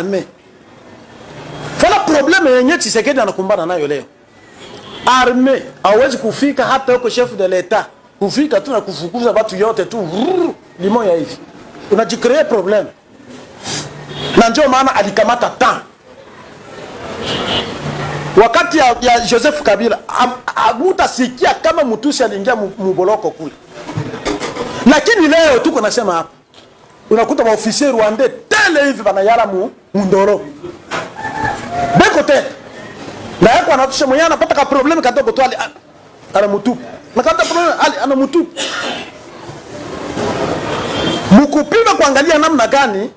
armée. Kana probleme yenye Tshisekedi anakumbana nayo leo, armée hawezi kufika hata huko chef de l'etat, kufika tu na kufukuza watu yote tu limoya hivi, unajikrea probleme, na ndio maana alikamata ta wakati ya, ya Joseph Kabila hamutasikia kama Mutusi aliingia muboloko kule, lakini leo tuko nasema hapa unakuta waofisier rwande tele hivi banayala mu mundoro beko te na yako anatusha mwenye anapata ka problem kadogo tu, ana mutupu na kata probleme ali ana Mukupima kuangalia namna gani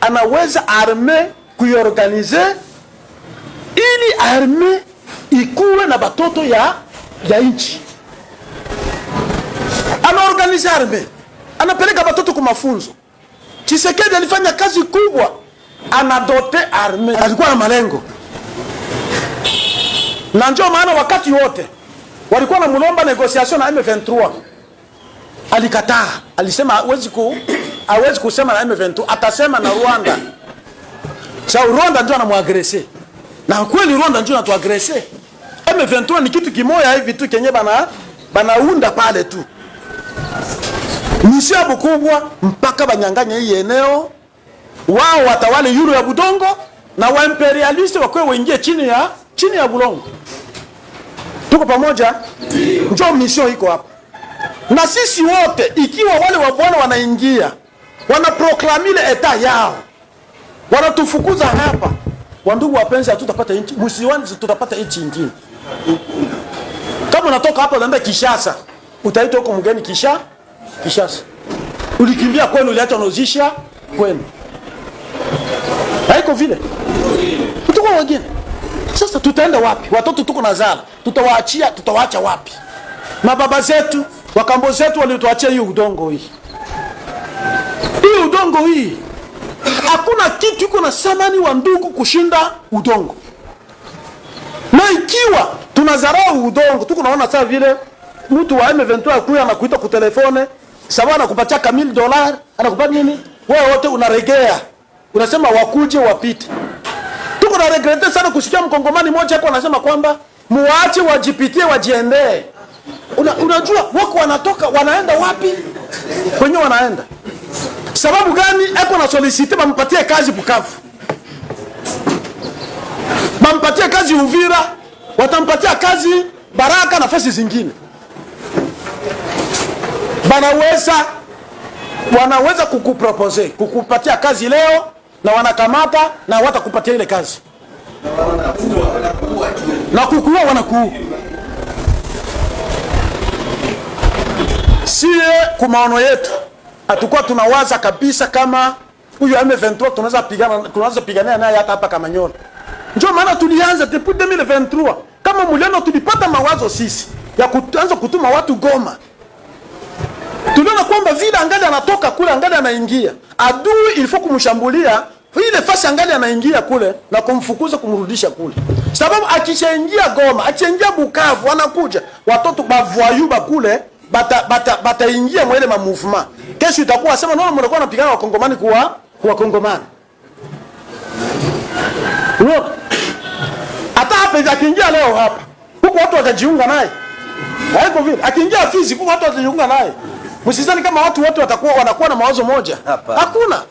anaweza arme kuiorganize ili arme ikuwe na batoto ya ya nchi. Anaorganize arme, anapeleka batoto kumafunzo Chisekedi alifanya kazi kubwa, anadote arme, alikuwa na malengo, na njo maana wakati wote walikuwa na mulomba negotiation na M23, alikataa. Alisema hawezi ku hawezi kusema na M23, atasema na Rwanda. Sasa Rwanda ndio anamuagrese, na kweli Rwanda ndio anatuagrese. M23 ni kitu kimoya hivi tu kenye bana banaunda pale tu. Mshabu kubwa mpaka banyanganye hii eneo, wao watawale yuro ya budongo na waimperialisti wakwe wengie chini ya chini ya bulongo. Tuko pamoja? Ndio mission iko hapa, na sisi wote, ikiwa wale wa Bwana wanaingia wanaproklamile eta yao, wanatufukuza hapa, wandugu wapenzi, hatutapata nchi, msiwani tutapata nchi nyingine. Kama unatoka hapa unaenda Kishasa, utaitwa huko mgeni kisha Kishasa. Ulikimbia kwenu, uliacha unaozisha kwenu, haiko vile tutakuwa wageni. Sasa tutaenda wapi? Watoto tuko na zala, tutawaachia tutawaacha wapi? Mababa zetu wakambo zetu walituachia hii udongo hii hii udongo hii. Hakuna kitu iko na samani wa ndugu kushinda udongo, na ikiwa tunazarau udongo, tuko naona saa vile mtu wa M23 akuya anakuita ku telefone sababu anakupatia kamili dolari anakupa nini, wewe wote unaregea, unasema wakuje wapite. Tuko na regrete sana kusikia mkongomani mmoja hapo anasema kwamba muache wajipitie wajiendee. Una, unajua wako wanatoka wanaenda wapi? Kwenye wanaenda sababu gani? Eko na solicite bampatie kazi Bukavu, bampatie kazi Uvira, watampatia kazi Baraka na nafasi zingine banaweza wanaweza kukupropose kukupatia kazi leo na wanakamata na watakupatia ile kazi na kukuua wanakuua. Sie kwa maono yetu hatukuwa tunawaza kabisa kama huyu M23 tunaweza pigana, tunaweza pigania naye hata hapa kama nyola. Ndio maana tulianza depuis 2023 kama muleno, tulipata mawazo sisi ya kuanza kutuma watu Goma tuliona kwamba vile angali anatoka kule, angali anaingia adui, ilifo kumshambulia ile fasi, angali anaingia kule na kumfukuza kumrudisha kule, sababu akishaingia Goma, akishaingia Bukavu, anakuja watoto bavwayuba kule bataingia bata, bata mwele mamuvuma. Kesho itakuwa sema naona mnakuwa napigana wakongomani kuwa kuwa wakongomani hata hapa akiingia leo hapa huko watu watajiunga naye, haiko vile. Akiingia Fizi huko watu watajiunga naye. Msizani kama watu wote watakuwa wanakuwa na mawazo moja hapa. Hakuna.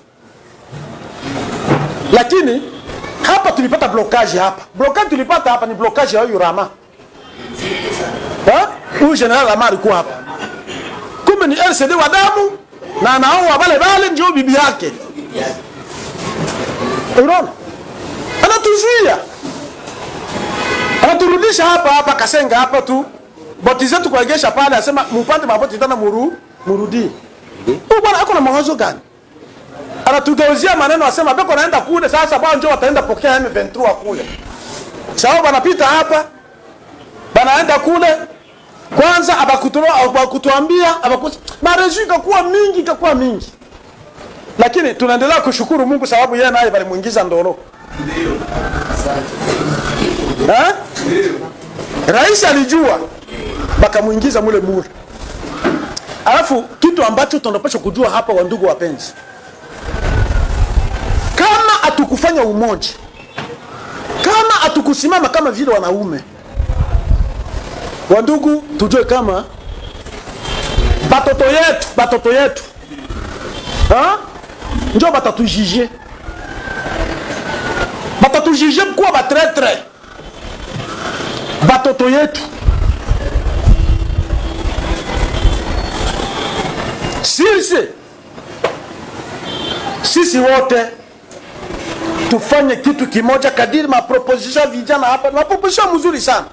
Lakini hapa tulipata blokaji hapa. Blokaji tulipata hapa ni blokaji ya huyu Rama. Ha? Huyu General Rama alikuwa hapa. Kumbe ni LCD wa damu na anaoa wale wale ndio bibi yake. Unaona? Anatuzuia. Anaturudisha hapa hapa Kasenga hapa tu. Boti zetu kuegesha pale asema mupande maboti tena muru murudi. Huyu bwana ako na mawazo gani? Anatugeuzia maneno asema beko naenda kule sasa bwana njoo wataenda pokea M23 kule. Sawa bwana pita hapa. Banaenda kule. Kwanza abakutoa abakutuambia abaku marejeo ikakuwa mingi ikakuwa mingi. Lakini tunaendelea kushukuru Mungu sababu yeye naye bali muingiza ndoro. Ndio. Eh? Rais alijua bakamuingiza mule mule. Alafu kitu ambacho tunapaswa kujua hapa, wandugu wapenzi, kama hatukufanya umoja, kama hatukusimama kama vile wanaume, wandugu, tujue kama batoto yetu batoto yetu ha? njo batatujije batatujije kuwa batretre batoto yetu sisi sisi wote tufanye kitu kimoja, kadiri maproposition ya vijana hapa, maproposition mzuri sana.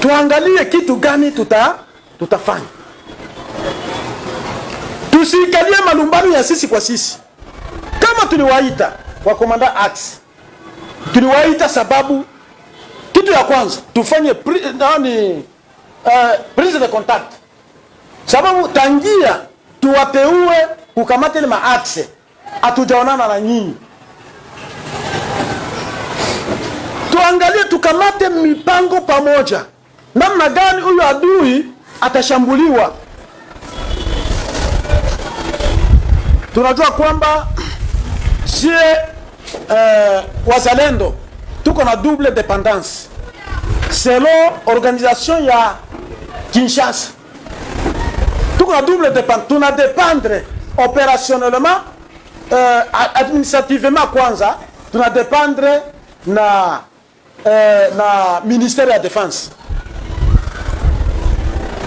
Tuangalie kitu gani tuta tutafanya, tusikalie malumbano ya sisi kwa sisi. Kama tuliwaita wakomanda ax, tuliwaita sababu, kitu ya kwanza tufanye pri, nani, uh, eh, prise de contact sababu tangia tuwateue kukamata ile maakse hatujaonana na nyinyi. Tuangalie tukamate mipango pamoja, namna gani huyu adui atashambuliwa. Tunajua kwamba sie eh, wazalendo tuko na double dependance selon organisation ya Kinshasa donc la double dépendance tuna dépendre operationellement euh, administrativement kwanza tuna dépendre na eh, na ministère ya défense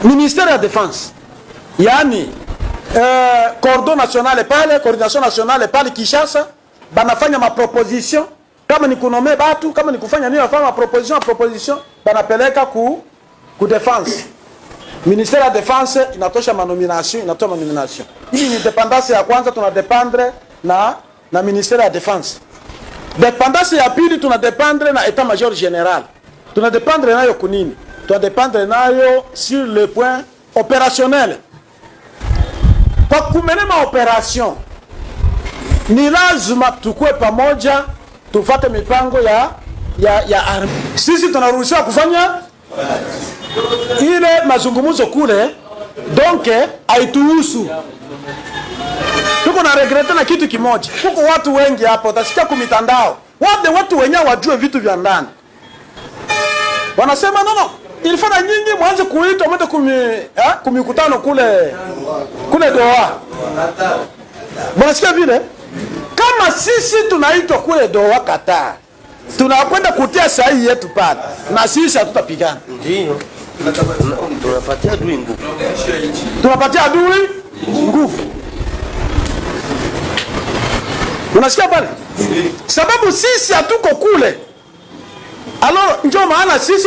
ministère ya defense yaani eh, cordon nationale pale coordination nationale pale Kinshasa banafanya maproposition kama ni kunome batu kama ni kufanya nini, wanafanya maproposition maproposition banapeleka ku, ku defense Ministeri ya Defense inatosha manomination, inatoa manomination. Hii ni dependance ya kwanza tunadependre na na Ministeri ya Defense. Dependance ya pili tunadependre na Etat Major General. Tunadependre nayo kunini? Tunadependre nayo sur le point opérationnel. Kwa kumenema operation ni lazima tukue pamoja tufate mipango ya ya, ya army. Sisi tunaruhusiwa kufanya ile mazungumzo kule, donke haituhusu. Tuko na regrete na kitu kimoja, kuko watu wengi hapo, utasikia kumitandao wote, watu wenye wajue vitu vya ndani, wanasema nono ilifana nyingi mwanze kuitwa mwende eh, kumikutano kule kule doa, mwanasikia vile kama sisi tunaitwa kule doa Qatar, tunakwenda kutia sahihi yetu pale, na sisi hatutapigana tunapatia adui nguvu, tunapatia adui nguvu. Unasikia pale, sababu sisi hatuko kule, alo ndio maana sisi